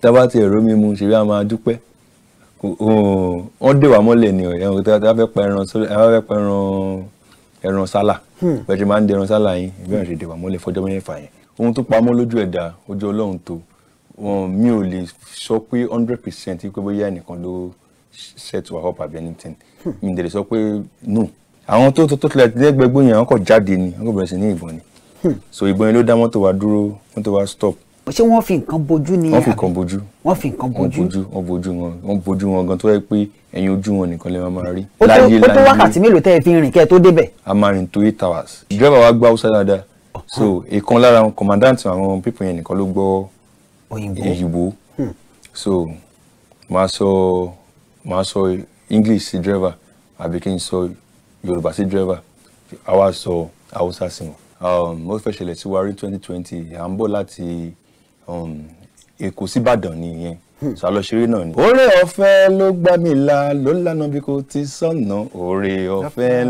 tá a bá ti èrò mímu ṣèlú a máa dúpẹ́ wọ́n dè wá mọ́lẹ̀ ni ẹ̀rọ tí a fẹ́ pa ẹran ẹran sálà hmm. bẹ́ẹ̀ ṣe máa ń dẹ ẹran sálà yín ìgbẹ́ ìrìnṣẹ́ dè wá mọ́lẹ̀ fọjọ́ mẹ́fà yẹn ohun tó pamọ́ lójú ẹ̀dá ojú ọlọ́run tó mi ò lè sọ pé hundred percent pé bóyá ẹnìkan ló set wa up àbí anything hmm. mi ò lè sọ pé no àwọn tó tó tilẹ̀ lẹ́gbẹ̀gbẹ̀ yẹn wọ́n kọ̀ jáde ni wọ́n kọ̀ bẹ̀rẹ̀ sí ní ìbọn ni hmm. so ìbọn yẹn ló dá mọ́tò wa dúró mọ́tò wa stop ṣé wọ́n fi nǹkan bojú ni wọ́n fi nǹkan bojú wọ́n fi nǹkan bojú wọ́n bojú wọn wọ́n bojú wọn gan tó yẹ pé ẹ̀yìn ojú wọn nìkan lè máa rí. ó tó wákàtí mélòó tẹ́ ẹ fi rìn kẹ́ ẹ tó débẹ̀. a máa rìn tó eight hours. dírẹ́bà wa gbá haúsá dáadáa so ìkan lára àwọn commandant àwọn pípọ̀ yẹn nìkan ló gbọ́ òyìnbó hmm. so máa sọ máa sọ english sí dírẹ́bà àbí kí n sọ yorùbá sí dírẹ́bà àwa sọ haúsá sí wọn. Um, ó fẹ́ ṣẹlẹ̀ sí wa rí twenty twenty à ń bọ̀ láti Um, èkó hmm. ni. ọ̀fẹ́ ló gbá mi là ló lànà bí kò ti sọ̀nà ọ̀fẹ́ ọ̀fẹ́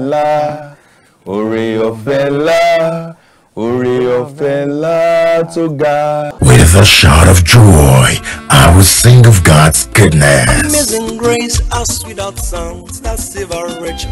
ọ̀fẹ́ tó ga. With a shout of joy, I will sing of God's goodness. Amazing grace, how sweet out sounds that save a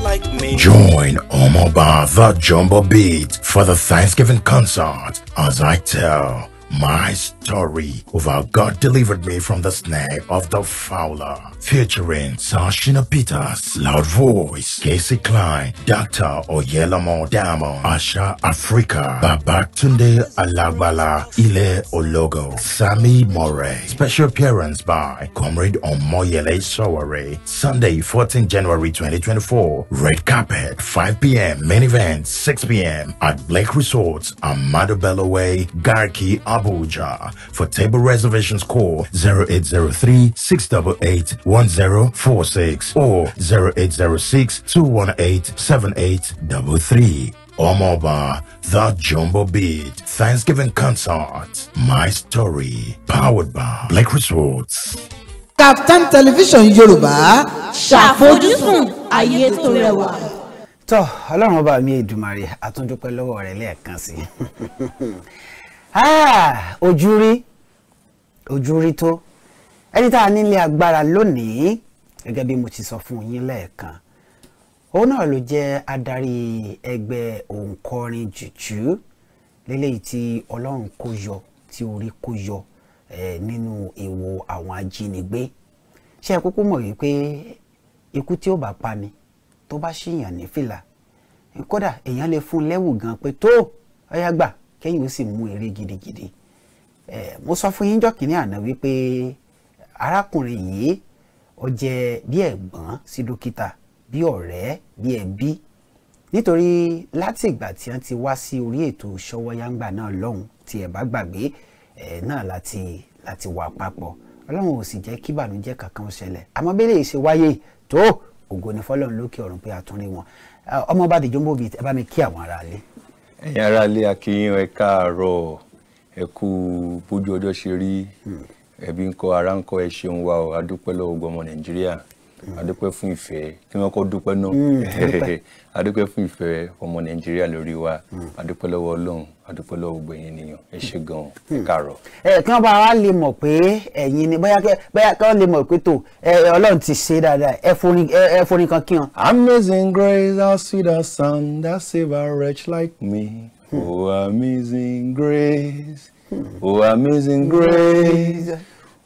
like me. Join Omoba the Jumbo Beat for the Thanksgiving concert as I tell my story of how God delivered me from the snare of the fowler. Featuring Sashina Peters, Loud Voice, Casey Klein, Dr. Oyelamo Damo, Asha Africa, Babatunde Alagbala, Ile Ologo, Sammy More. Special appearance by Comrade Omoyele Sowore. Sunday, 14 January 2024. Red carpet, 5 p.m. Main event, 6 p.m. at Blake Resorts, Amado Bellaway, Garki, Abuja. For table reservations, call 0803 688 1046 or 0806 218 7833. Omoba, The Jumbo Beat, Thanksgiving Concert, My Story, powered by Black Resorts. Captain Television Yorùbá ṣàfojúsùn ayé tó rẹwà. tọ́ ọlọ́run ọba mi èdùmarè àtúndúpẹ́ lọ́wọ́ rẹ̀ lẹ́ẹ̀kan sí i Ah, ojú rí ojú rí tó ẹni tá a nílé agbára lónìí gẹ́gẹ́ bí mo ti sọ fún yín lẹ́ẹ̀kan òun náà ló jẹ́ adarí ẹgbẹ́ òǹkọrin jùjú lélẹ́yìí tí ọlọ́run kó yọ tí orí kó yọ nínú èwo àwọn ajínigbé ṣé ẹ kúkú mọ̀ wípé ikú tí ó bá pa ni tó bá ṣìyàn ní fìlà kódà èèyàn lè fún lẹ́wù gan pé tó ọyá gbà kẹ́yìn ó sì mú eré gidigidi mo sọ fún yín jọ́ kìíní àná wípé arákùnrin yìí ó jẹ́ bí ẹ̀gbọ́n sí dókítà bí ọ̀rẹ́ bí ẹbí nítorí láti ìgbà tí wọ́n ti wá sí orí ètò Sówónyáǹgbà náà lọ́hùn tí ẹ bá gbàgbé ẹ náà láti láti wà papọ̀ ọlọ́run ò sì jẹ́ kí ìbànújẹ́ kankan ṣẹlẹ̀ àmọ́ bí eléyìí ṣe wáyé tó ògo ni fọlọ́run lókè ọ̀run pé a tún rí wọn ọmọọba Dèjọ́ Mobeat ẹ bá mi kí àwọn ará ilé. ara ilé akínyìn ẹ káàárọ̀ ẹ kú bójú ọjọ́ ṣe rí hmm. ẹbí ń kọ́ ara ń kọ́ ẹ ṣeun wa ọ adúpẹ́ lọ́wọ́ gbọmọ nàìjíríà adúpẹ́ fún ìfẹ́ kí wọ́n kọ́ dúpẹ́ náà mm. adúpẹ́ fún ìfẹ́ ọmọ nàìjíríà lórí wa mm. adúpẹ́ lọ́wọ́ ọlọ́run adúpẹ́ lọ́wọ́ gbogbo ẹ̀yin ènìyàn ẹ ṣé gan-an mm. káàárọ̀. ẹ kí wọn bá wa lè mọ̀ pé ẹ̀yin ni bóyá bóyá kí wọn lè mọ̀ pé tó ẹ ti ṣe dáadáa ẹ forin ẹ forin kan kí wọn. amazing grace how sweet the sound that save a wretch like me hmm. oh amazing grace hmm. oh amazing grace.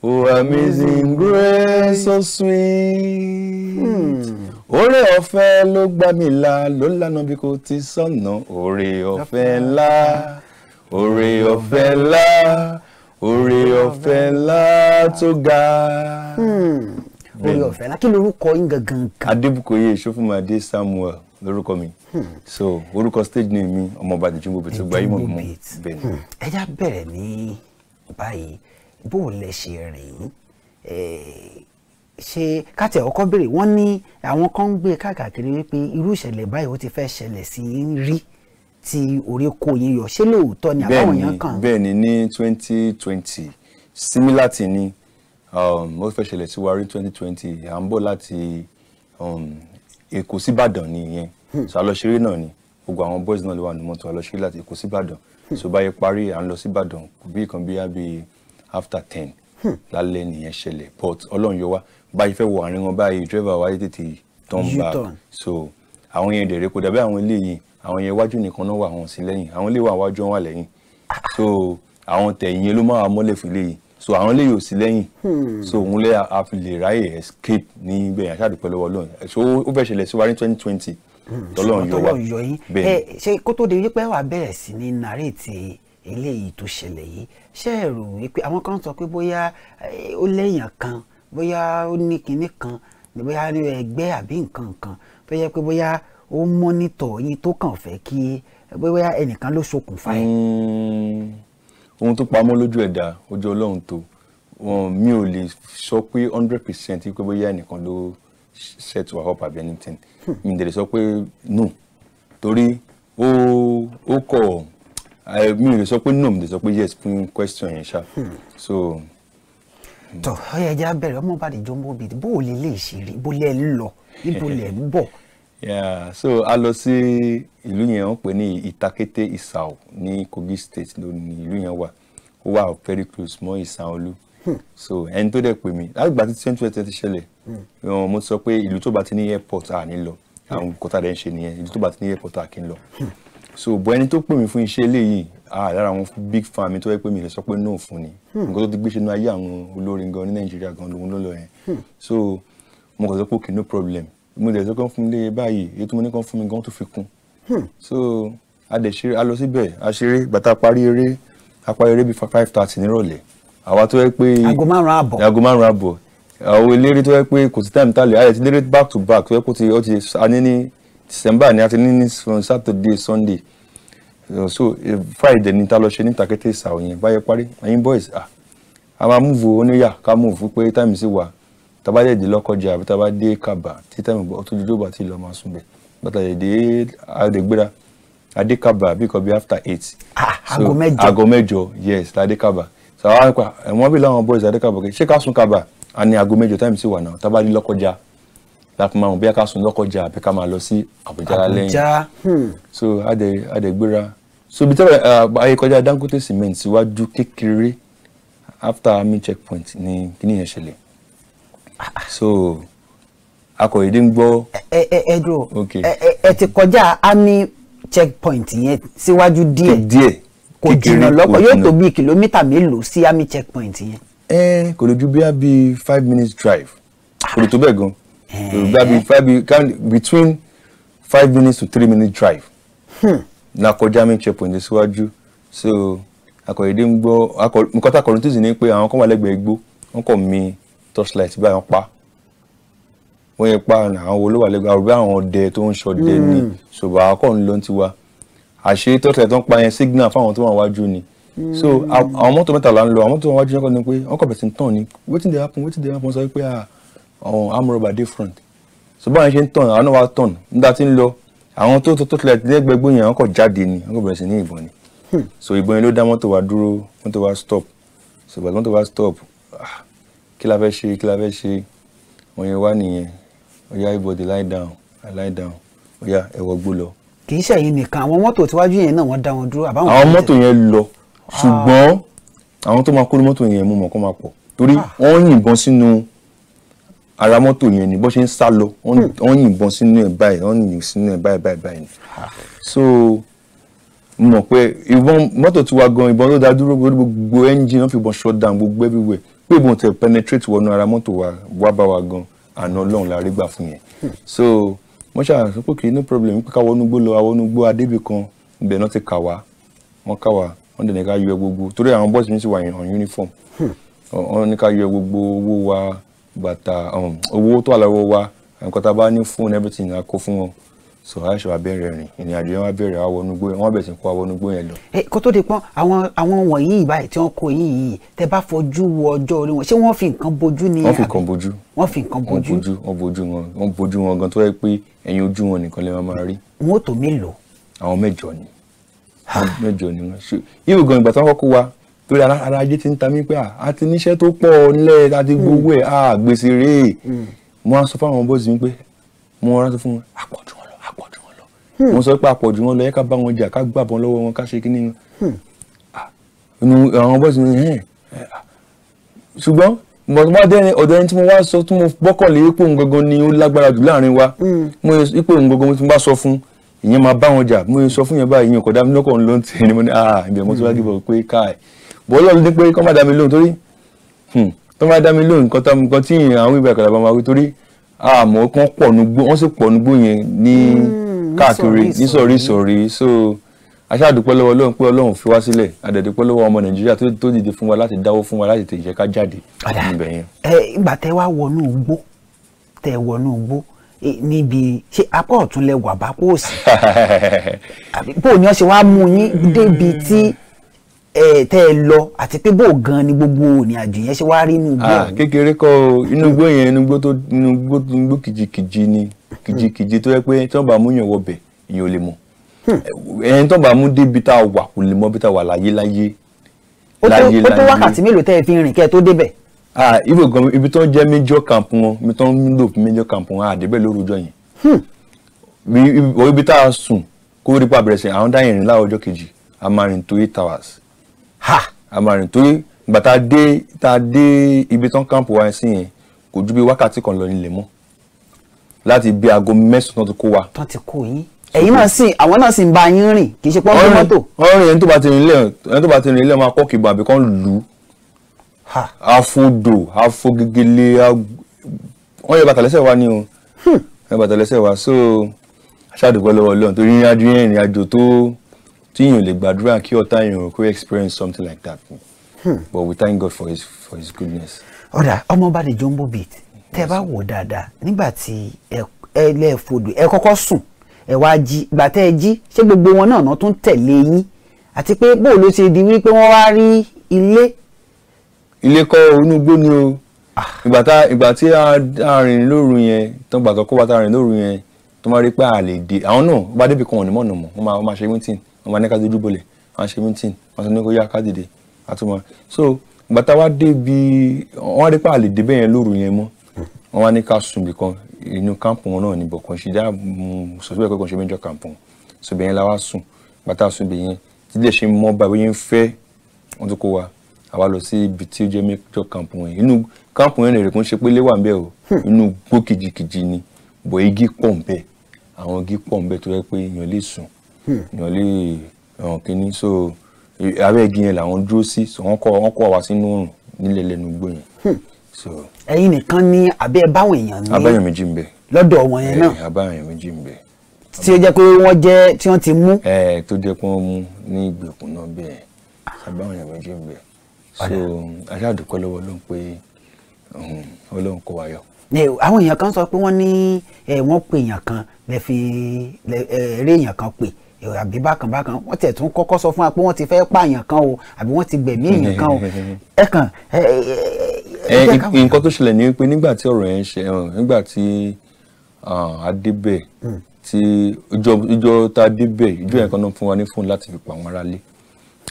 Oh, amazing grace, so sweet. Hmm. Oore ọ̀fẹ́ ló gbà mí là ló lànà bí kò ti sọ̀nà. Oore ọ̀fẹ́ ńlá, oore ọ̀fẹ́ ńlá, oore ọ̀fẹ́ ńlá tó ga. Oore hmm. ọ̀fẹ́ ńlá kí lorúkọ yín gangan kan? Adébùkọ́yé Ṣófúnmadé Samuel lórúkọ mi. Hmm. So orúkọ stage name mi ọmọọba Dèjì Mobè tó gba yín mọ̀ mọ́ bẹ́ẹ̀. Ẹ já bẹ̀rẹ̀ ní báyìí bó lẹ ṣe rìn ṣe kátẹ ọkọ béèrè wọn ní àwọn kan ń gbé káàkiri wípé irú ìṣẹ̀lẹ̀ báyìí ó ti fẹ́ ṣẹlẹ̀ sí ń rí tí orí kò yín yọ ṣé lóòótọ́ ni àbáwọn yẹn kàn. bẹ́ẹ̀ni ní twenty twenty similar ti ni um, ó fẹ́ ṣẹlẹ̀ sí wa rí twenty twenty à ń bọ̀ láti um, èkó síbàdàn nìyẹn hmm. so àlọ́ṣeré náà ni gbogbo àwọn boys náà ló wà ní mọ́tò àlọ́ṣeré láti èkó síbàdàn hmm. so báyìí parí à ń lọ síbàdàn bí kan bí yá bíi after ten lálẹ́ nìyẹn ṣẹlẹ̀ but ọlọ́run yọ wá báyìí fẹ́ wo àárín wọn báyìí driver wáyé tètè turn back so àwọn yẹn dẹ̀rẹ̀ kò dàbí àwọn eléyìí àwọn yẹn wájú nìkan náà wà wọn sí lẹ́yìn àwọn eléyìí wà wájú wọn wà lẹ́yìn so àwọn tẹ̀yìn ló máa mọ́lẹ̀ fún eléyìí so àwọn eléyìí ò sí lẹ́yìn hmm. so òun lẹ́ a fi lè ráyè escape ní ibẹ̀ àṣà àdúpẹ́ lọ́wọ́ lóhùn so ó fẹ́ ṣẹlẹ̀ sí wa ní twenty twenty hmm. tọ́lọ́run yọ wá bẹ́ẹ̀. ṣé kó tó di wípé wàá bẹ̀rẹ̀ sí ní nàréètì eléyìí tó ṣẹlẹ̀ yìí ṣe é rò wípé àwọn kan sọ pé bóyá eh, ó lẹ́yìn kan bóyá ó ní kinní kan bóyá ẹgbẹ́ àbí nǹkan kan tó yẹ pé bóyá ó mọ́nítọ̀ yín tó kàn fẹ́ kí bóyá ẹnìkan ló ṣokùnfà ẹ̀. Hmm, ohun tó pamọ́ lójú ẹ̀dá ojú ọlọ́run tó mi ò lè sọ pé hundred percent pé bóyá ẹnìkan ló set wa up àbí anything hmm. mi ò lè sọ pé no torí ó kọ̀ ọ́ mi ò lè sọ pé no mi lè sọ pé yes fún question yẹn ṣá hmm. so. tọ ọyọ ẹja bẹ̀rẹ̀ ọmọ bá di jọmọ bíi bó o lè lè ṣe rí bó lẹ lọ ibo lẹ ń bọ̀. so a lọ sí ìlú yẹn wọ́n pè ní Ìtakété Ìsàó ní Kogi state lónìí ìlú yẹn wà ó wà very close mọ́ Ìsànolú hmm. so ẹni tó dẹ̀ pè mí lágbà tí twenty twenty ṣẹlẹ̀ hmm. um, mo sọ pé ìlú tó bá ti ní airport à ní lọ àwọn kọ́tà dẹ̀ ń ṣe nìyẹn ìlú tó bá ti ní airport à kí n lọ so bọ ẹni tó pè mí fún iṣẹ́ eléyìí ah lára àwọn big fan mi tó yẹ pé mi lè sọ pé no fún ni hmm. nǹkan tó ti gbé ṣe ní ayé àwọn olórin gan ní nàìjíríà gan lòun ló lọ yẹn hmm. so mo kàn sọ pé okay no problem mo dẹ̀ sọ pé fún mi lé báyìí èyí tó mo ní kàn fún mi gan tó fi kún hmm. so a dẹ̀ ṣeré a lọ síbẹ̀ a ṣeré gbàtà parí eré a parí eré bíi five thirty nírọ̀lẹ́ àwa tó yẹ pé aago márùn àbọ̀ aago márùn àbọ̀ àwọn eléré tó yẹ pé kò sí time tálẹ̀ a yẹ ti léré back to back tó yẹ kó ti ọ ti a ní ní december ni a ti ní ní saturday sunday uh, so eh, friday ní ta lọ ṣe ní takété ìsàwọ̀ yẹn báyẹn parí ẹ̀yin boys ah a máa múvu oníyà ká múvu pé táìmù sí wa tábà dé lọ́kọjà àbí tábà dé kaba tí táìmù bọ́ tó dúdú bá ti lọ máa sùn bẹ̀ bàtà yẹ̀ àdègbéra adékaba àbí bí after eight. Ah, ah, aago mẹ́jọ aago mẹ́jọ yes adékaba sàwọn àwọn ẹ̀wọ̀n bí làwọn boys adékaba ṣé ká sùn kaba àní aago mẹ́jọ táìmù sí wa náà tábà dé lọ́kọjà la fi máa mọ̀ bóyá ká sùn lọ́kọjà àbí ká máa lọ sí àbújá lẹ́yìn hmm. so àdègbéra so bí tẹ́lẹ̀ ayé kọjá dangote cement síwájú kékeré after army checkpoint ni kíní yẹn ṣẹlẹ̀ so akọ̀yédé ń gbọ́. ẹ ẹ ẹ dúró ẹ ti kọjá army checkpoint yẹn síwájú díẹ̀ díẹ̀ kò jìnnà lọ́pọ̀ yóò tó bíi kìlómítà mélòó sí army checkpoint yẹn. ẹ kò lójú bíi five minutes drive kò lè bẹ́ẹ̀ gan so that be five can between five minutes to three minute drive na hmm. kọjá main checkpoint síwájú so akọ̀yẹ̀dẹ̀ ń gbọ́ nǹkan tá a kọ̀rin tó sì ní pé àwọn kan wà lẹ́gbẹ̀ẹ́ igbó wọ́n kọ̀ torchlight báyìí wọ́n pa wọ́n yẹn pa àwọn olówó àlẹ́gbẹ̀ẹ́ àrùbá àwọn ọdẹ tó ń ṣọdẹ ni ṣùgbọ́n àwọn kan ń lọ tiwa àṣé torchlight tó pa yẹn signal fáwọn tó wà wájú ni so hmm. àwọn mọ́tò mẹ́ta là ń lọ àwọn mọ́tò wájú yẹn kọ́ ni pé wọ́n kọ̀ bẹ̀sẹ̀ ń tàn ni wetin dey happen wetin dey happen sọ pé ah ọ̀hún amúrọ̀bà different so báwọn ṣe ń tàn àwọn náà wá tàn nígbà tí ń lọ àwọn tó tó tilẹ̀ lẹ́gbẹ̀gbẹ̀ yẹn àwọn kò jáde ni àwọn kò bẹ̀rẹ̀ sí ní ìbọn ni hmm. so ìbọn yẹn ló dá mọ́tò wa dúró mọ́tò wa stop so ìgbà tí mọ́tò wa stop ah, kí la fẹ́ ṣe kí la fẹ́ ṣe wọ́n yẹn wá nìyẹn oya everybody lie down i lie down oya ẹ wọgbó lọ. kì í ṣẹ̀yìn nìkan àwọn mọ́tò tíwájú yẹn náà wọ́n dá wọn dúró àbáwọn. àwọn mọ́tò yẹn lọ ah. ṣùgbọ́n àwọn tó máa kó mọ́tò yẹn mú mọ́ kó máa pọ̀ torí ah. wọ́n yìnbọn sínú ara mọ́tò yẹn ni bó ṣe ń sá lọ hmm. wọ́n yìnbọn sínú ẹ̀ báyìí wọ́n yìnbọn sínú ẹ̀ báyìí báyìí báyìí so mo mọ̀ pé ìbọn mọ́tò tiwa gan ìbọn ló dá dúró gbogbo engine wọ́n fi ìbọn shut down gbogbo everywhere pé ìbọn tẹ penetrate wọnú ara mọ́tò wa wá bá wa gan àná ọlọ́run la rí gbà fún yẹn hmm. so wọ́n ṣàṣọ pé kì í no problem pé ká wọnú gbó lọ àwọn gbó adébì kan ibẹ̀ náà ti kà wá wọ́n kà wá wọ́n dẹ̀ ní ká yọ gbogbo torí àwọn bọ́ọ̀sì mi sì wà on uniform hmm. wọ́n ní ká yọ gbogbo owó wa Uh, um, owó tó wà lọ́wọ́ wa nǹkan tá a bá ní fún everything a kó fún wọn so aṣọ abẹ́rẹ́ rìn ìrìn àjò yẹn wá bẹ̀rẹ̀ awọnugbó yẹn wọ́n bẹ̀rẹ̀ sí kó awọnugbó yẹn lọ. ẹ kó tó di pọn àwọn àwọn wọ̀nyí ìbáyìí tí wọ́n kó yín yìí tẹ bá fojú wo ọjọ́ orí wọn ṣé wọ́n fi nǹkan bojú ni. wọ́n fi nǹkan bojú wọ́n fi nǹkan bojú wọ́n bojú wọn wọ́n bojú wọn gan tó yẹ pé ẹ̀yin ojú wọn nìkan lè máa rí. wọn ò tó mélòó. àwọn mẹ́jọ ni mẹ́jọ ni wọn ṣe irú gan ìgbà tí wọn kọ́kọ́ wa torí ara ajé ti ń ta mí pé a ti níṣẹ́ tó pọ̀ nílẹ̀ a ti gbowó ẹ̀ a gbèsè rèé hmm. mo á sọ fáwọn bọ́ọ̀sì mi pé mo rántí fún wọn àpọ̀jù wọn lọ àpọ̀jù wọn lọ hmm. mo sọ pé àpọ̀jù wọn lọ yẹ ká bá wọn jà ká gbà bọ́n lọ́wọ́ wọn ká ṣe kíní nu hmm. àwọn bọ́ọ̀sì mi hẹ́n ṣùgbọ́n mọ̀tọ́mọ́ dẹ́ni ọ̀dọ̀ ẹni tí mo wá sọ tí mo gbọ́kànlé ipò ngangan ni ó lágbára jù láàrin wa mo ipò ngangan tí mo bá sọ fún ìyẹn máa bá wọn jà mo sọ fún yẹn báyìí ìyẹn kọ̀dá mi lọ́kàn ń tẹ̀ ẹni bọ́ọ̀lọ́ ló ní pé kọ́ má dá mi lóhùn torí hmm, tó má dá mi lóhùn nǹkan tá nǹkan tí àwọn ìgbà ìkàlà bá máa wí torí àmọ́ kán pọ̀ nugbó wọ́n sì pọ̀ nugbó yẹn ní hmm, káàkiri nísọ̀rí ìsọ̀rí so aṣáàdúpẹ́ lọ́wọ́ ọlọ́run pé ọlọ́run fi wá sílẹ̀ àdẹ̀dúpẹ́ lọ́wọ́ ọmọ nàìjíríà tó dìde fún wa láti dáwó fún wa láti tètè jẹ́ ká jáde níbẹ̀ yẹn. ẹ ìgbà tẹ wá wọnú igbó tẹ wọnú igbó e, níbi ṣé apá ọ̀tún lẹ wà bá pòsì bó ni wọ́n ṣe wá mú yín débi tí ẹ tẹ́ ẹ lọ àti pé bó gan ni gbogbo ìrìn àjò yẹn ṣe wá rí inú igbó. Ah, kékeré kọ́ o inú igbó yẹn inú igbó tó inú igbó inú igbó kìjikìji ni kìjikìji tó yẹ pé tí wọ́n bá mú yàn wọbẹ̀ ìyẹn ò lè mọ̀ hmm. ẹni tó bá mú débi tá a wà kò lè mọ̀ bí tá a wà láyé láyé láyé láyé. ó tó wákàtí mélòó tẹ́ ẹ fi rìn kẹ́ ẹ tó débẹ̀. ibo ah, gan ibi tó ń jẹ́ major camp wọn ibi tó ń lò fún major camp wọn àdébẹ̀ lórúkọ yẹn hmm. ibi tá a sùn kó rí pa bẹ̀rẹ̀ àwọn dáhìnrín láwùjọ kejì a máa rìn tó eight hours ha àmàrìn torí ìgbà tá a dé tá a dé ibi tán káàmpù wa sí yẹn kò ju bí wákàtí kan lọ nílẹ̀ mọ́ láti bí aago mẹ́sàn-án tó kó wa. tán ti kó yín ẹ̀yin náà sì àwọn náà sì ń bá yín rìn kì í ṣe pọ́ńpé mọ́tò. ọ̀rìn ẹni tó bá ti rìn ilé ẹni tó bá ti rìn ilé máa kọ́ kí bàbí kan lù ú. afodò afogegele wọ́n yẹ bàtà lẹ́sẹ̀ wa ni o hmm. wọ́n yẹ bàtà lẹ́sẹ̀ wa so aṣáàdùpẹ́ lọ́wọ́ ọlọ́run torí ìrìnàjò yẹn ìrìnàjò tó tí èèyàn lè gbàdúrà kí ọ̀tá èèyàn kó experience something like that hmm. but we thank God for his for his goodness. ọ̀dà ọmọọba the jumbo beat tẹ́ ẹ bá wò dáadáa nígbà tí ẹ lẹ́ fòdù ẹ kọ́kọ́ sùn ẹ wá jí ìgbà tẹ́ ẹ jí ṣé gbogbo wọn náà tún tẹ̀lé yín àti pé bó ló ṣe di wípé wọ́n wá rí ilé. ilé kọ́ onúgbó ni o ah. ìgbà tí a lóru yẹn tó gbàgbọ́ kó bá ta rìn lóru yẹn tó máa rí pé a dé àwọn náà bá débi kan wọn ní mọ̀nà mọ̀ wọ́n máa ṣe wíńtìn wọn bá ní ká dojú bolẹ̀ wọn ṣe meeting wọn sọ ní kó yá ká dìde so bàtà wa dé bi wọn rí pa àlè débẹ̀ yẹn lóru yẹn mọ́ wọn wá ní ká sùn bìkan inú káàpù wọn náà níbọ̀ kàn ṣe dá sọ̀tún ẹ̀kọ́ kàn ṣe mẹ́jọ káàpù wọn sọ̀bẹ̀ yẹn la wá sùn bàtà sùn bẹ̀ yẹn tílẹ̀ ṣe mọ́ báyìí bóyá ń fẹ́ wọn tó kó wa àwa lọ sí ibi tí ó jẹ́ mẹ́jọ káàpù wọn inú káàpù yẹn rẹ̀ kò ṣe pé léwà ń o inú gbó kìjikìji ni bọ̀ igi pọ̀ ń bẹ̀ àwọn igi pọ̀ ń bẹ̀ tó yẹ pé èèyàn lè sùn èèyàn lè hàn so abẹ́ igi yẹn làwọn dúró sí so wọ́n kọ́ wọ́n kọ́ wa sínú òrùn nílẹ̀ lẹ́nu gbó yẹn. Hmm. ẹ̀yin nìkan ni abẹ́ báwọn èèyàn ní abáyàn méjì ń bẹ lọ́dọ̀ wọn yẹn náà eh, abáyàn méjì ń bẹ. tí ó jẹ́ pé wọ́n jẹ́ tí wọ́n ti mú. ẹ eh, tó jẹ́ pé wọ́n mú ní ìgbèkùn náà bẹ́ẹ̀ abáyàn méjì ń bẹ so aṣáàdúpẹ́ lọ́wọ́ ló ń pé um, ọlọ́run kó wa yọ. Eh, àwọn èèyàn kan sọ pé wọ́n ní wọ́n pe èèyàn kan lẹ́ẹ̀fi eré èèyàn kan pè àbí bákan bákan wọ́n tiẹ̀ tún kọ́kọ́ sọ fún wa pé wọ́n ti fẹ́ pààyàn kan o àbí wọ́n ti gbẹ̀mí èèyàn kan o ẹ kàn. Eh, nǹkan tó ṣẹlẹ̀ ni pé nígbà tí ọ̀rọ̀ yẹn ṣe eh, nígbà tí adébẹ̀ hmm. tí ìjọ tá a débẹ̀ ìjọ yẹn kan náà fún wa ní fóònù láti fi pa àwọn aráalé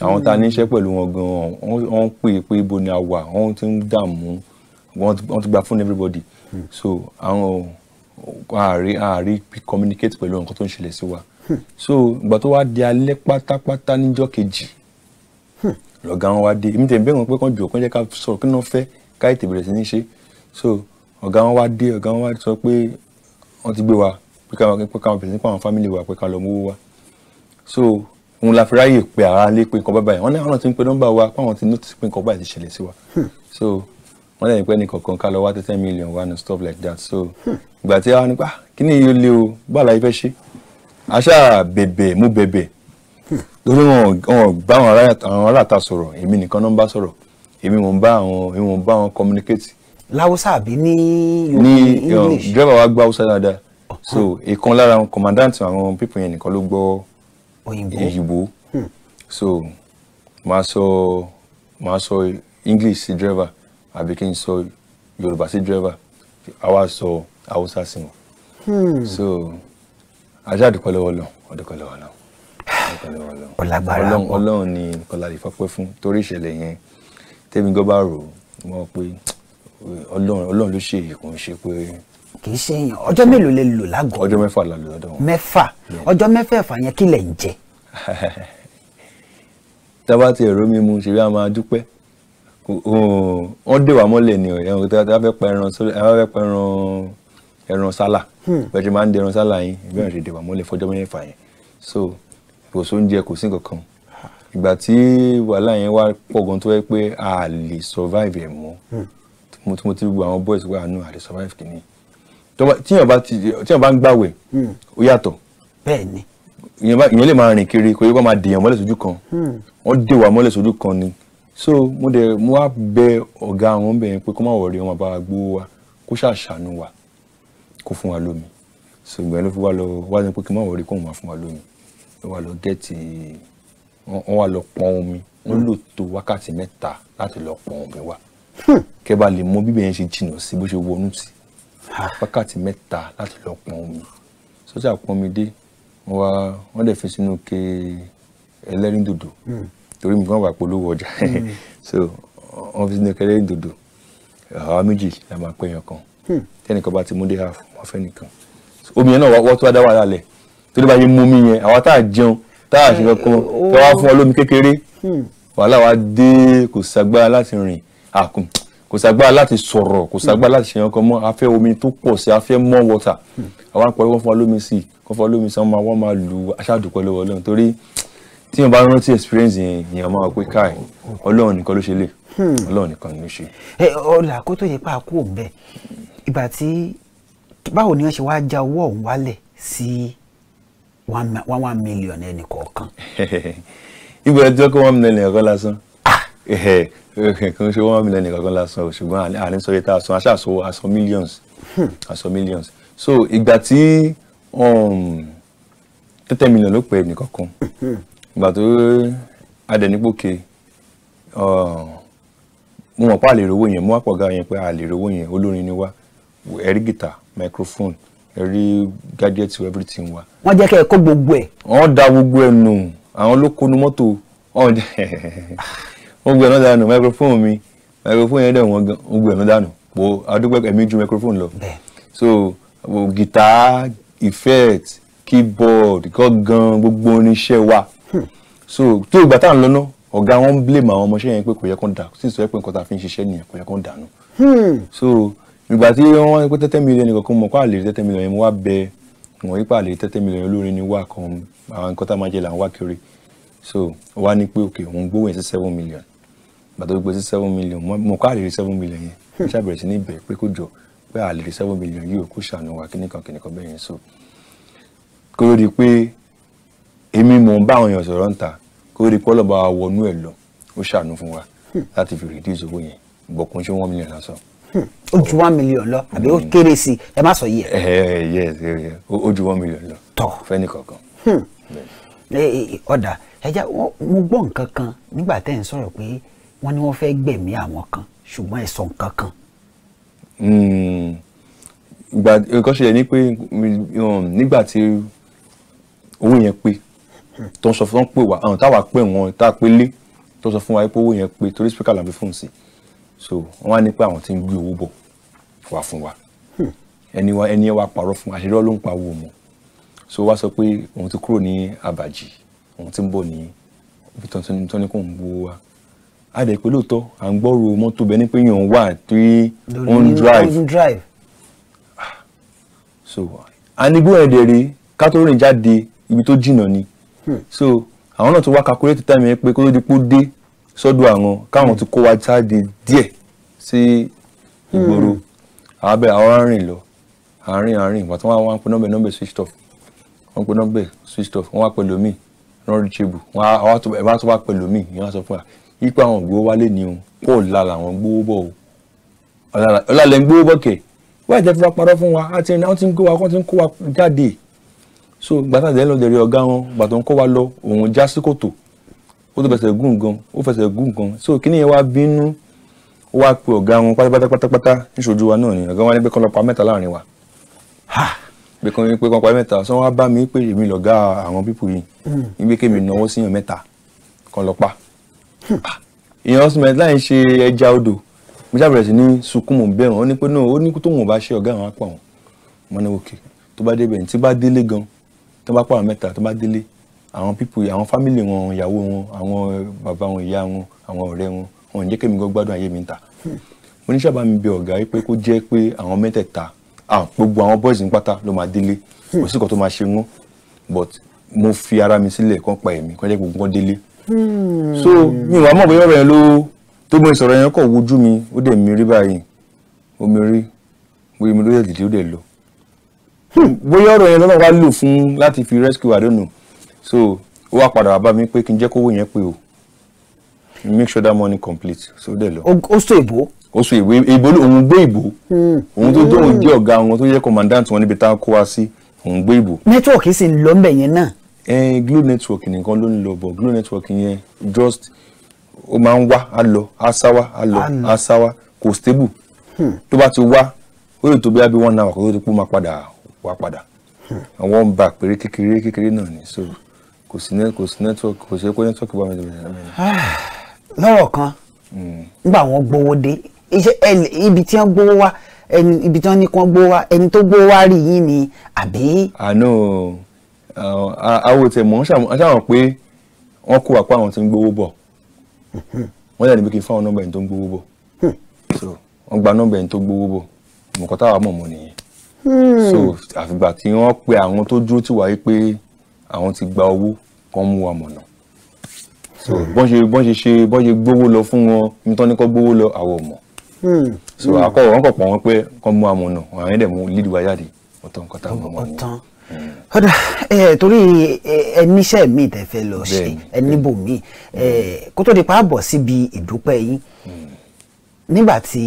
àwọn tá a níṣẹ́ pẹ̀lú wọn gan-an wọ́n pè é pé ibo ni a wà wọ́n ti ń dààmú wọ́n ti gba fóònù everybody hmm. so àwọn ààrí ààrí communicate pẹ̀lú nǹkan tó ń ṣẹlẹ̀ sí wa so ìgbà tó wá di alẹ́ pátápátá níjọ́ kejì lọ́gá wọn wá dé èmi tẹ̀ bẹ́ẹ̀ wọn pé kàn jù ọ̀kan jẹ́ ká sọ̀rọ̀ kí wọ́n fẹ́ ká ètè bẹ̀rẹ̀ sí ní ṣe so ọ̀gá wọn wá dé ọ̀gá wọn wá sọ pé wọ́n ti gbé wa pé káwọn pé káwọn bẹ̀rẹ̀ sí ní pa àwọn fámìlì wa pé ká lọ mú wa so òun la fi ráyè pé ara lé pé nǹkan bábàyà wọn náà wọn ti ń pe nọ́mbà wa pé àwọn ti notice pé nǹkan báyìí ti ṣẹlẹ̀ sí wa so wọn lẹ́yìn pé ní kọ̀ọ̀kan ká lọ wá tẹ́tẹ́ mílíọ̀n wa and stuff like that so ìgbà tí a wá nípa ah, kí ni iye lé o báàlà yìí fẹ́ ṣe aṣá bèbè mú bèbè lórí wọn wọn bá àwọn aláta sọ̀rọ̀ èmi nìkan náà ń bá sọ̀rọ̀ èmi wọn bá àwọn èmi wọn bá wọn communicate. láwùsá àbí ní yorùbá english ní um, dírẹ́bà wa gbọ́ haúsá dáadáa so ìkan lára àwọn commandant àwọn people yẹn nìkan ló gbọ́ òyìnbó hmm. so màá sọ màá sọ english sí dírẹ́bà àbí kí n sọ yorùbá sí dírẹ́bà àwa sọ haúsá sí wọn. Hmm. so ajá àdúpẹ́ lọ́wọ́ lọ ọdúpẹ́ lọ́wọ́ lọ ọdúpẹ́ lọ́wọ́ lọ ọlágbára ọlọ́run ọlọ́run ni kọlá lè fọpẹ́ fún torí ìṣẹ̀lẹ̀ yẹn tèmi gan bá rò mọ pé ọlọ́run ọlọ́run ló ṣe èyí kò ń ṣe pé. kì í ṣe èèyàn ọjọ́ mélòó lè lò lágọ̀ọ́ ọjọ́ mẹ́fà la lò lọ́dọ̀ wọn. mẹ́fà ọjọ́ mẹ́fà ẹ̀fà yẹn kí ń jẹ. tábà ti ẹ̀rọ mi mu ṣèlú àmà dúpẹ́ wọ́n dè wá mọ́lẹ̀ ni ẹ̀rọ tí wọ́n fẹ́ pẹran ẹran sálà Hmm. bẹ́ẹ̀ ṣe máa ń dẹrun sálà yín ìgbà yẹn ṣe dẹ̀bà mọ́lẹ̀ fọjọ́ mẹ́fà yẹn so kò sóúnjẹ kò sí kankan ìgbà tí wàhálà yẹn wá pọ̀ gan tó yẹ pé a lè survive ẹ̀ mọ́ hmm. mo ti mo ti gbogbo àwọn boys wà ah, nù a lè survive kìíní tíyàn bá tíyàn bá ń gbàwẹ̀ hmm. ó yàtọ̀ bẹ́ẹ̀ ìyẹn lè máa rìn kiri kò yẹ kó máa dèèyàn mọ́lẹ̀ sójú kan wọ́n dè wá mọ́lẹ̀ sójú kan ni so mo dẹ̀ mo wá bẹ ọ̀gá àwọn bẹ̀yẹn pé kó má wọ̀rí wọn bá gbó wa kó ṣàṣàánú wa kó fún wa lómi ṣùgbọ́n ló fi wá lọ wá ní pé kí n má wọrí kóun máa fún wa lómi ló wá lọ gẹ́ẹ̀tì wọ́n wá lọ pọn omi wọ́n lò tó wákàtí mẹ́ta láti lọ pọn omi wá hmm. kẹ́ bá lè mọ bíbẹ̀ yẹn ṣe jìnnà sí bó ṣe wọnú sí wákàtí mẹ́ta láti lọ pọn omi sọ́jà pọn omi dé wọ́n wá wọ́n dẹ̀ fi sínú ke ẹlẹ́rìndòdò hmm. torí mi kàn wà polówó ọjà hmm. so wọ́n fi sínú ke ẹlẹ́rìndòdò àwa méjì la máa pẹ́yàn kan tẹ́nìkan bá ti mú dé half wọ́n fẹ́ nìkan omi yẹn náà wọ́n tó wá dá wàhálà lẹ̀ torí bá yẹ mú omi yẹn àwọn tá à jẹun tá à ṣe kankan tó wá fún ọ lómi kékeré hmm. wàhálà wa dé kò sagbára láti rìn àkùn kò sagbára láti sọ̀rọ̀ kò sagbára hmm. láti ṣe kankan mọ́ a fẹ́ omi tó pọ̀ sí a fẹ́ more water hmm. àwọn akọ̀ wọ́n fún wa lómi sí wọ́n fún wa lómi sí wọ́n máa lu aṣáàdùpẹ́ lọ́wọ́ ọlọ́run torí tí wọn bá rántí experience yẹn yẹn máa pé káì Ọlọ́run nìkan ló ṣe lè Ọlọ́run nìkan ló ṣe. ẹ ọlà kó tó yẹ pa kó bẹ ìgbà tí báwo ni wọ́n ṣe wáá já owó ọ̀hún wálẹ̀ sí one one million ẹnì kọ̀ọ̀kan. ibà ẹjọ́ kí wọ́n mílíọ̀nù nìkan lásán ah! kí wọ́n ṣe wọ́n mílíọ̀nù nìkan lásán o ṣùgbọ́n àárín sọ yìí tá a san aṣáàṣọ aṣọ millions hmm. aṣọ millions so ìgbà tí um, tẹ́tẹ́ mílíọ̀nù ló pè é nìkọ̀ọ̀kan hmm. ìgbà tó adẹ̀nípòkè um, mo mọ̀ pé a lè rówó yẹn mo wá pọ̀ ga yẹn pé a lè rówó yẹn olórin ni wá ẹ rí guitar microphone ẹ gadget everything wa. wọ́n jẹ́ kẹ́ ẹ kó gbogbo ẹ̀. wọ́n da gbogbo ẹ̀ nù àwọn ló kónú mọ́tò wọ́n gbé ẹ̀ náà dànù microphone mi microphone yẹn dẹ̀ wọ́n gan wọ́n gbé ẹ̀ náà dànù pò àdúgbò ẹ̀mí ju microphone lọ. so guitar effect keyboard gángan gbogbo oníṣẹ́ wa hmm. so tó ìgbà tá à ń lọ náà ọ̀gá wọn ń blame àwọn ọmọọṣẹ́ yẹn pé kò yẹ kó dà sí ìsọ̀rọ̀ pé nǹkan tá a fi ń ṣiṣẹ́ nìyẹn kò yẹ kó dànù. Hmm. so ìgbà tí wọ́n pé tẹ́tẹ́ mílíọ̀n nìkan kó mọ̀ kó àlè tẹ́tẹ́ mílíọ̀n yẹn mo wá bẹ wọ́n yípa àlè tẹ́tẹ́ mílíọ̀n olórin ni wà kan àwọn nǹkan tá a máa jẹ là ń wá kiri so wá ní pé òkè òun gbówó yẹn sí seven million gbàtọ́ gbé sí seven million mo kó àlè seven million yẹn mo ṣàbẹ̀rẹ̀ sí ní bẹ̀ pé kó jọ pé àlè seven million yìí ò kó ṣàánú wa kíníkan kíníkan bẹ́ẹ̀ yẹn so kó ló di pé èmi mò ń bá àwọn èèyàn sọ̀rọ̀ ń ta kó ló reduce owó yẹn bọ̀kún ṣé one million lásán Hmm. ó ju one million lọ àbí ó hmm. kéré sí ẹ má sọ yìí ẹ. ẹ ẹ yes ó ju one million lọ tọ fẹ́ni kọ̀ọ̀kan. ọ̀dà ẹja mo gbọ́ nǹkan kan nígbà tẹ́ ń sọ̀rọ̀ pé wọ́n ní wọ́n fẹ́ gbẹ̀mí àwọn kan ṣùgbọ́n ẹ sọ nǹkan kan. Hmm. ìgbà nǹkan ṣẹlẹ̀ ni pé um, nígbà tí owó yẹn pé tó ń sọ fún wọn pé wà táwa pé wọn tá a pé lé tó sọ fún wa pé owó yẹn pé torí spíkà làbí fóònù sí i so wọ́n á ní pé àwọn tí ń gbé owó bọ̀ wá fún wa ẹni wa ẹni wa parọ́ fún àṣírí ló ń pa owó mọ́ so wá sọ pé òun ti kúrò ní àbàjì òun ti ń bọ̀ ní ibi tó ní kó ń gbowó wa a dẹ̀ pé lóòótọ́ à ń gbọ́rò mọ́tò bẹ́ẹ̀ ni pé yàn wà tí ó ń drive so anigbó ẹ̀dẹ̀ rèé ká tó rìn jáde ibi tó jìnnà ni hmm. so àwọn náà tó wá calculate time yẹn pé kó tó di pé ó dé sọ́dọ̀ àwọn káwọn mm. ti kó wa jáde díẹ̀ sí ìgboro àbẹ mm. àwọn arìn lọ àárín àárín ìgbà tí wọ́n wá ń pe nọ́mbẹ nọ́mbẹ switch off wọ́n pe nọ́mbẹ switch off wọ́n wá pẹ̀lú mi not reachable wọ́n á ẹ bá tó wá pẹ̀lú mi ìyẹn wá sọ fún wa ipa àwọn ògbó wálé ni o paul lala àwọn gbówó bọ̀ o ọ̀làlẹ̀ ń gbówó bọ̀ kẹ̀ wọ́n ẹ̀jẹ̀ fi wá parọ́ fún wa àti ẹni àwọn ti ń kó wa wọ́n ti ń kó wa jáde so gbàtàdé lọ́dẹ̀rẹ̀ ọ̀gá wọn gbàtà ń kó wa lọ òun já sí kòtò ó tó fẹsẹ̀ gún gan ó fẹsẹ̀ gún gan so kíní yẹn wá bínú ó wá pe ọ̀gá wọn pátápátá pátápátá níṣojú wa náà ni ọ̀gá wọn ní pé kọ́ lọ pa mẹ́ta láàrin wa pé kọ́ pé kọ́ pa mẹ́ta sọ wá bá mi pé èmi lọ̀gá àwọn pípù yìí ní hmm. pé kémi náwó sí èèyàn mẹ́ta kọ́ lọ pa èèyàn ọ̀sùnmẹ̀ láì ṣe ẹja odò mo ṣàbẹ̀rẹ̀ sí ní sunkún mò ń bẹ̀ wọ́n ní pé náà ó ní tó wọn bá ṣe ọ̀gá àwọn apá wọn mo ní òkè tó bá débẹ̀ tí bá délé gan tó bá pààrọ̀ mẹ́ta tó bá délé àwọn pípù àwọn fámìlì wọn ìyàwó wọn àwọn bàbá wọn ìyá wọn àwọn ọ̀rẹ́ wọn wọn ò ní jẹ́ kémi gan gbádùn ayé mi ta hmm. mo ní sábà mi bẹ ọ̀gá pé kó jẹ́ pé àwọn mẹ́tẹ̀ẹ̀ta gbogbo àwọn boys ní pátá ló máa délé kò sí kan tó máa ṣe wọn but mo fi ara mi sílẹ̀ kán pa ẹ̀mí kán jẹ́ gbogbo wọn délé hmm. so mi wàá mọ̀ bóyá ọ̀rọ̀ yẹn ló tó gbọ́n ìsọ̀rọ̀ yẹn kọ̀ wojú mi ó dẹ̀ mi rí báyìí omi rí bóyá mi ló dẹ̀ dìde ó dẹ̀ lọ hmm. bóyá ọ̀rọ̀ yẹn lọ́nà wá lò fún láti fi rescue I don't know so ó wá padà wá bá mi pé kí n jẹ́ kówó yẹn pé o make sure that money complete so dẹ̀ lọ. ó so èbó. ó sọ èbó èbó òun gbé ìbò hmm. òun tó dóhùn hmm. jẹ́ ọ̀gá wọn tó yẹ commandant wọn níbi tá a kó wa sí òun gbé ìbò. nẹ́tíwọ̀kì sì ń lọ ńbẹ̀ yẹn náà. ẹ Glo network nìkan ló ń lọ bọ̀ Glo network yẹn just ó máa ń wá á lọ á sáwá á lọ kò stable hmm. tó bá ti wá ó lè kò sí kò sí network kò ṣe kó network bá mi lè bẹ̀rẹ̀. Ah, lọ́rọ̀ kan hmm. nígbà wọ́n gbowó dé ibi tí wọ́n gbowó wá ẹni ibi tí wọ́n ní kí wọ́n gbowó wá ẹni tó gbowó wá rí yín ni àbí. àná àwọn òtẹ̀ mọ̀ ń ṣàwọn pé wọ́n kó àpá àwọn tí ń gbowó bọ̀ hmm. wọ́n dẹ̀ níbi kí n fáwọn nọ́mbà ẹni tó ń gbowó bọ̀ hmm. so wọ́n gba nọ́mbà ẹni tó gbowó bọ̀ mọ̀kọ́ táwa mọ̀ mọ̀ nìyẹn so àfìgbà tí wọ́n pe àwọn tó dúró tì wáyé pé àwọn ti gba owó kán mú wa mọ̀nà so hmm. bọ́n ṣe bọ́n ṣe ṣe bọ́n ṣe gbówó lọ fún wọn ní tán ní kọ́ gbówó lọ àwọ̀ mọ̀ hmm. so hmm. akọ wọn kọ̀ pọ̀ wọn pé kán mú wa mọ̀nà àwọn ẹ̀dẹ̀ mú lead wa jáde ọ̀tọ̀ nǹkan tá a mọ̀ mọ̀ kódà ẹ torí ẹ níṣẹ́ mi tẹ́ fẹ́ lọ ṣe ẹ níbò mi ẹ kó tó di pa àbọ̀ síbi ìdúpẹ́ yín nígbà tí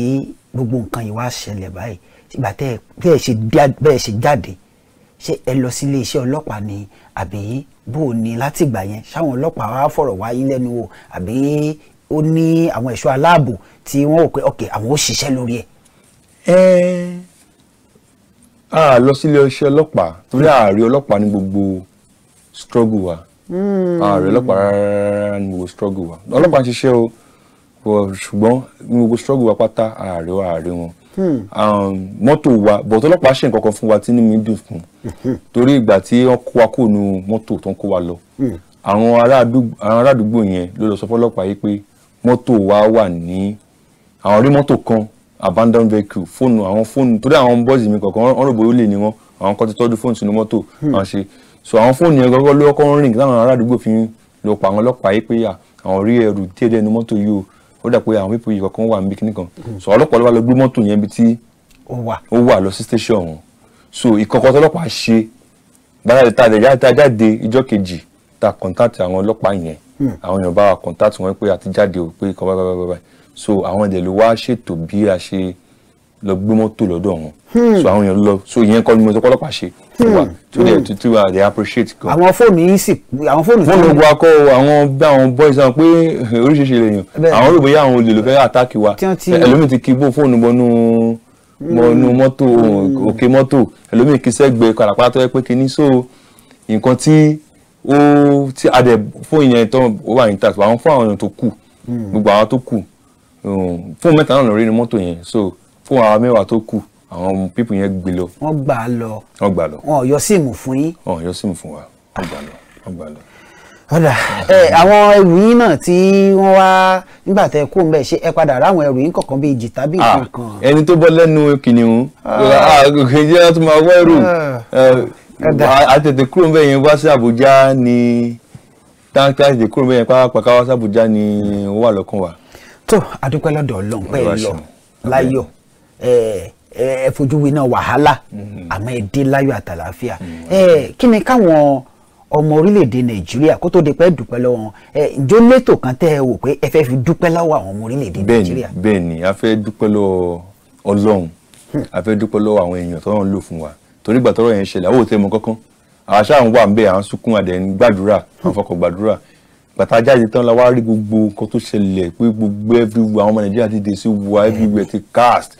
gbogbo nǹkan yìí wá ṣẹlẹ̀ báyìí ìgbà tẹ́ ẹ ṣe jáde ṣé ẹ lọ sí iléeṣẹ́ ọlọ́pàá ni àbí bó o ní látìgbà yẹn ṣáwọn ọlọ́pàá wa fọ̀rọ̀ wá yín lẹ́nu wò àbí ó ní àwọn ẹ̀ṣọ́ aláàbò tí wọ́n wò pé ok àwọn ó ṣiṣẹ́ lórí ẹ̀. ẹ a lọ sí iléeṣẹ́ ọlọ́pàá torí ààrẹ ọlọ́pàá ní gbogbo struggle wa ààrẹ ọlọ́pàá rárá ní gbogbo struggle wa ọlọ́pàá ń ṣiṣẹ́ o ṣùgbọ́n ní gbogbo struggle wa pátá ààrẹ ààrẹ wọn Um, mọ́tò wa bọ̀tọ́ ọlọ́pàá ṣe nǹkan kan fún wa tí ní mi dùn fún hmm. torí ìgbà tí wọ́n kó wa kó nu mọ́tò tó ń kó wa lọ hmm. àwọn aládùúgbò yẹn ló lọ sọ fọlọ́pàá yìí pé mọ́tò wa wà ní àwọn rí mọ́tò kan abandoned vehicle fóònù àwọn fóònù torí àwọn bọ́ọ̀sì mi kọ̀ọ̀kan wọ́n rò bóyá ó lè ní wọn àwọn kan ti tọ́jú fóònù sínú mọ́tò àwọn hmm. ṣe so àwọn fóònù yẹn gọ́gọ́ ló kọ́ ń rìn láwọn ará àdúgbò fi lọ pa àwọn ọlọ́pàá yìí pé àwọn rí ẹrù díẹ̀ díẹ̀ ní mọ́tò yìí o ó dà pé àwọn pípọ̀ yìí kankan wà níbi kíní kan so ọlọ́pàá ló wá lọ gbé mọ́tò yẹn bí tí ó wà lọ sí station ọ̀hún so ìkọ̀kọ̀ tọ́lọ́pàá ṣe báyà tá a jáde ìjọ́ kejì ta contact àwọn ọlọ́pàá yẹn hmm. àwọn èèyàn bá wa contact wọn pé àtijáde ò pé kan báyìí so àwọn ìdẹ̀lú wa ṣètò bí a ṣe lọ gbé mọ́tò lọ́dọ̀ wọn hmm. so àwọn èèyàn lọ so ìyẹn kọ́ ni mo sọ pọ́lọ́pàá ṣe hmm. tó dẹ̀ hmm. tuntun wa they appreciate àwọn fóònù yìí sì àwọn fóònù. fóònù ogun akọ àwọn bí àwọn boys àwọn pé oríṣiríṣi lèèyàn àwọn rògbò yá àwọn olè ló fẹ́ àtàkì wa ẹlòmíì ti kí bó fóònù bọnú bọnú mọ́tò òkè mọ́tò ẹlòmíì kí sẹ́gbẹ̀ẹ́ kàràpá tó yẹ pé kíní so nǹkan tí ó ti adẹ fóònù yẹn tó wà ní fún àwọn mẹ́wàá tó kù àwọn pípù yẹn gbé lọ. wọ́n gbà á lọ. wọ́n gbà á lọ. wọn yọ síìmù fún yín. wọn yọ síìmù fún wa wọ́n gbà á lọ wọ́n gbà á lọ. ọ̀dà ẹ àwọn ẹrù yín náà tí wọ́n wá nígbà tẹ kó mbẹ ṣe ẹ padà rà àwọn ẹrù yín kọ̀ọ̀kan bíi jìtá bíi ah, nǹkan kan. ẹni tó bọ́ lẹ́nu kìnìún ah. Ah, kò jẹ́ tó máa wá ẹrù eh, àtẹ̀tẹ̀ kúrò mbẹ wá sí Àbújá ni táǹtàtẹ̀ kúrò mbẹ yẹn ẹ fojú winá wàhálà mm-hmm. àmọ́ ẹ dé láyọ̀ àtàlàáfíà mm-hmm. kí ni káwọn ọmọ orílẹ̀-èdè nàìjíríà kó tó di pẹ́ dúpẹ́ lọ́wọ́ wọn ǹjọ́ lẹ́tò kan tẹ́ ẹ wò pé ẹ fẹ́ fi dúpẹ́ lọ́wọ́ àwọn ọmọ orílẹ̀-èdè nàìjíríà. bẹ́ẹ̀ ni a fẹ́ dúpẹ́ lọ́wọ́ ọlọ́run hmm. a fẹ́ dúpẹ́ lọ́wọ́ àwọn èèyàn tọ́lọ́run lò fún wa torí ìgbà yẹn ṣẹlẹ̀ àwọn òtẹ́ mọ àṣà ń wà ń bẹ́ẹ̀ à ń sunkún àdẹ̀ ń gbàdúrà à fọkàn gbàdúrà bàtà jáde tán la wá rí gbogbo nǹkan tó ṣẹlẹ̀ pé gbogbo everywhere àwọn ọmọ nàìjíríà ti dé sí wa everywhere ti cast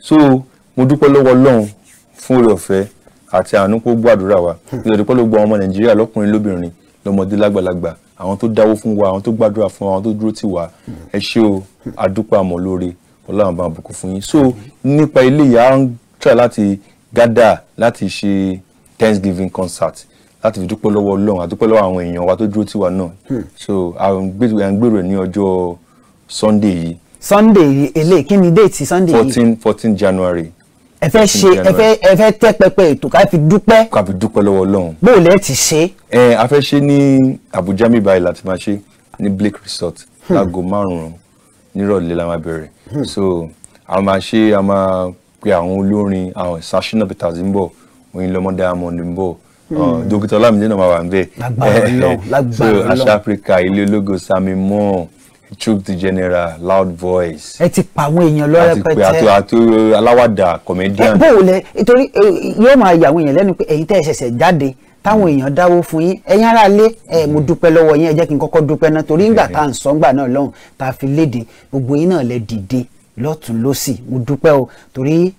so mo dúpẹ́ lọ́wọ́ ọlọ́run fún oore ọ̀fẹ́ àti àánú kó gbàdúrà wa ìdọ̀dúpẹ́ ló gba ọmọ nàìjíríà lọ́kùnrin lóbìnrin lọ́mọdé lágbàlagbà àwọn tó dáwó fún wa àwọn tó gbàdúrà fún wa àwọn tó dúró tì wá hmm. ẹ ṣé o àdúpẹ́ àmọ́ lóore ọlọ́run bá bùkún fún yín so hmm. nípa ilé ìyá ń try láti gádà láti ṣe thanksgiving concert láti fi dúpẹ́ lọ́wọ́ ọlọ́run àdúpẹ́ lọ́wọ́ àwọn èèyàn wa tó dúró tiwa náà hmm. so à ń gbèrò ní ọjọ́ sunday yìí. sunday yìí eléyìí kí ni déètì sunday yìí. fourteen fourteen january. ẹ fẹ́ ṣe ẹ fẹ́ ẹ fẹ́ tẹ́ pẹpẹ ètò ká fi dúpẹ́. ká fi dúpẹ́ lọ́wọ́ ọlọ́run. bó o lẹ́ ti ṣe. ẹ a fẹ́ ṣe ní abuja mi láti máa ṣe ní blake resort hmm. láago márùn-ún nírọ̀lẹ́ la máa bẹ̀rẹ̀ hmm. so a máa ṣe a máa pe àwọn olórin àwọn ìsásínà peter zimbo Oyinlọmọ Diamond ń dókítà ọlámídé náà máa wà níbẹ̀ àṣà áfíríkà ilé ológo sami mọ́ truth general loud voice. ẹ ti pa àwọn èèyàn lọ rẹpẹtẹ àti pé àti eh, aláwàdà comedian. bó o lẹ nítorí eh, yóò máa yà èèyàn lẹ́nu pé èyí tẹ́ ẹ ṣẹ̀ṣẹ̀ jáde táwọn èèyàn dáwó fún yín ẹ̀yin ará ilé ẹ mo dúpẹ́ lọ́wọ́ yín ẹ jẹ́ kí n kọ́kọ́ dúpẹ́ náà torí ńgbà tá à ń sọ ńgbà náà lọ́hùn tá a fi léde gbogbo yín náà lẹ dìde lọ́tùn lósì mo dúpẹ́ o torí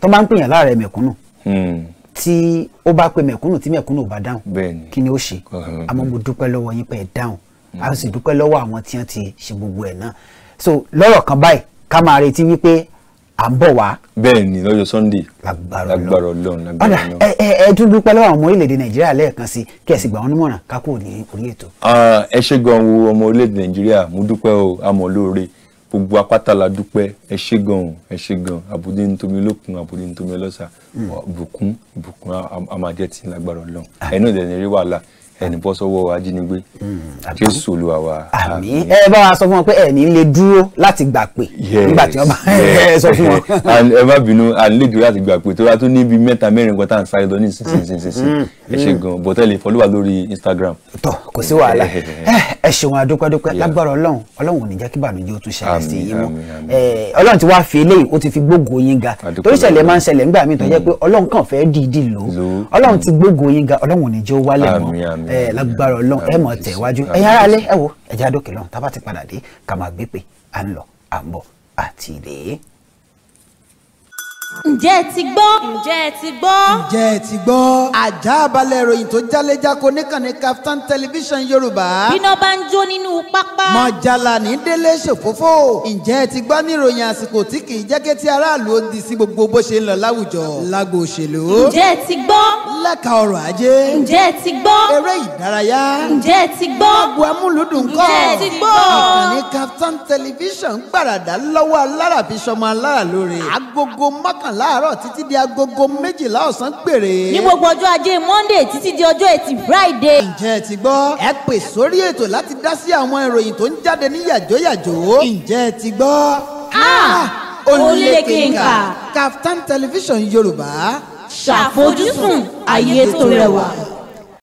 tó bá ń pèèyàn láàrẹ mẹ̀kúnnù hmm tí ó bá pe mẹ̀kúnnù tí mẹ̀kúnnù ò bá dáhùn kí ni ó ṣe àmọ́ mo dúpẹ́ lọ́wọ́ yín pé ẹ dáhùn a mm. sì dúpẹ́ lọ́wọ́ àwọn tí wọ́n ti ṣe gbogbo ẹ̀ náà so lọ́rọ̀ kan báyìí ká máa retí wípé à ń bọ̀ wá. bẹ́ẹ̀ ni lọ́jọ́ sunday lágbára Ọlọ́run lágbára Ọlọ́run. ẹ ẹ ẹ tún dúpẹ́ lọ́wọ́ àwọn ọmọ orílẹ̀-èdè nàìjíríà lẹ́ẹ̀kan sí kí ẹ sì gbà wọ́n nímọ̀ràn ká kúrò ní orí ètò. Ah, ẹ ṣé gan wo ọmọ orílẹ̀-èdè nàìjíríà mo dúpẹ́ o amọ̀ lóore gbogbo apáta la dúpẹ́ ẹ ṣé gan ẹ ṣé gan àbúdí nítomi lókun àbúdí nítomi ọlọ́sà mm. ìbùkún ìbùkún a máa jẹ́ lágbára Ọlọ́run ẹ̀ náà dẹ̀ rí wàhálà ẹni bọ́ sọ́wọ́ ajínigbé hmm, jésù olúwa wa. àmín ẹ bá wa sọ fún wọn pé ẹni lè dúró láti gbà pé nígbà tí wọn bá sọ fún wọn. ẹ má bínú à ń lè dúró láti gbà pé tó bá tó ní ibi mẹ́ta mẹ́rin tá à ń sáré lọ ní ìsinsìnyìnsinsìn hmm, ẹ ṣe hmm. gan bọ́tẹ́lì fọlúwà lórí instagram. tọ kò sí wàhálà ẹ ṣeun adúpẹ́dúpẹ́ lágbára ọlọ́run ọlọ́run ò ní jẹ́ kí bànújẹ́ ó tún ṣẹlẹ̀ sí yín mọ́ ọlọ́run ti wá fi eléyìí ó ti fi gbógo yín ga torí ṣẹlẹ̀ máa ń ṣẹlẹ̀ nígbà míì tó jẹ́ pé ọlọ́run kàn fẹ́ dìídì ẹ lágbára Ọlọ́run ẹ mọ̀ tẹ̀ wájú ẹ̀yin ará ilé ẹ wo ẹ̀jẹ̀ adókè lọ́hùn tá a bá ti padà dé ká máa gbé pé à ń lọ à ń bọ̀ àti rèé ǹjẹ́ ẹ ti gbọ́. ǹjẹ́ ẹ ti gbọ́. ǹjẹ́ ẹ ti gbọ́. àjà abalẹ̀ ìròyìn tó jáléjáko níkànnì Kaftan television yorùbá. bíná bá ń jó nínú pápá. mọ̀jàlá ní délé ṣòfófó. ǹjẹ́ ẹ ti gbọ́ ní ìròyìn àsìkò tí kì í jẹ́ kí ti aráàlú ó di sí gbogbo bó ṣe ń lọ láwùjọ. lágbo òṣèlú. ǹjẹ́ ẹ ti gbọ́. lẹ́ka ọrọ̀ ajé. ǹjẹ́ ẹ ti gbọ́. eré ìdárayá. ǹjẹ́ ẹ ti gbọ́. agbo amúlùdùn kọ́. ǹjẹ́ ẹ ti gbọ́. ìkànnì Kaftan television gbàràdà lọ́wọ́ alára fi ṣọmọ alára lóore. agogo mọ́kàn mọ́kànlá àárọ̀ títí di agogo méjìlá ọ̀sán péré. ní gbogbo ọjọ́ ajé monday títí di ọjọ́ ẹtì friday. ǹjẹ́ ẹ ti gbọ́ ẹ pè sórí ètò láti dá sí àwọn ìròyìn tó ń jáde ní yàjóyàjó. ǹjẹ́ ẹ ti gbọ́. Ah! Ah! olùlékè nkà. Kaftan television yorùbá. ṣàfojúsùn ayé tó rẹwà.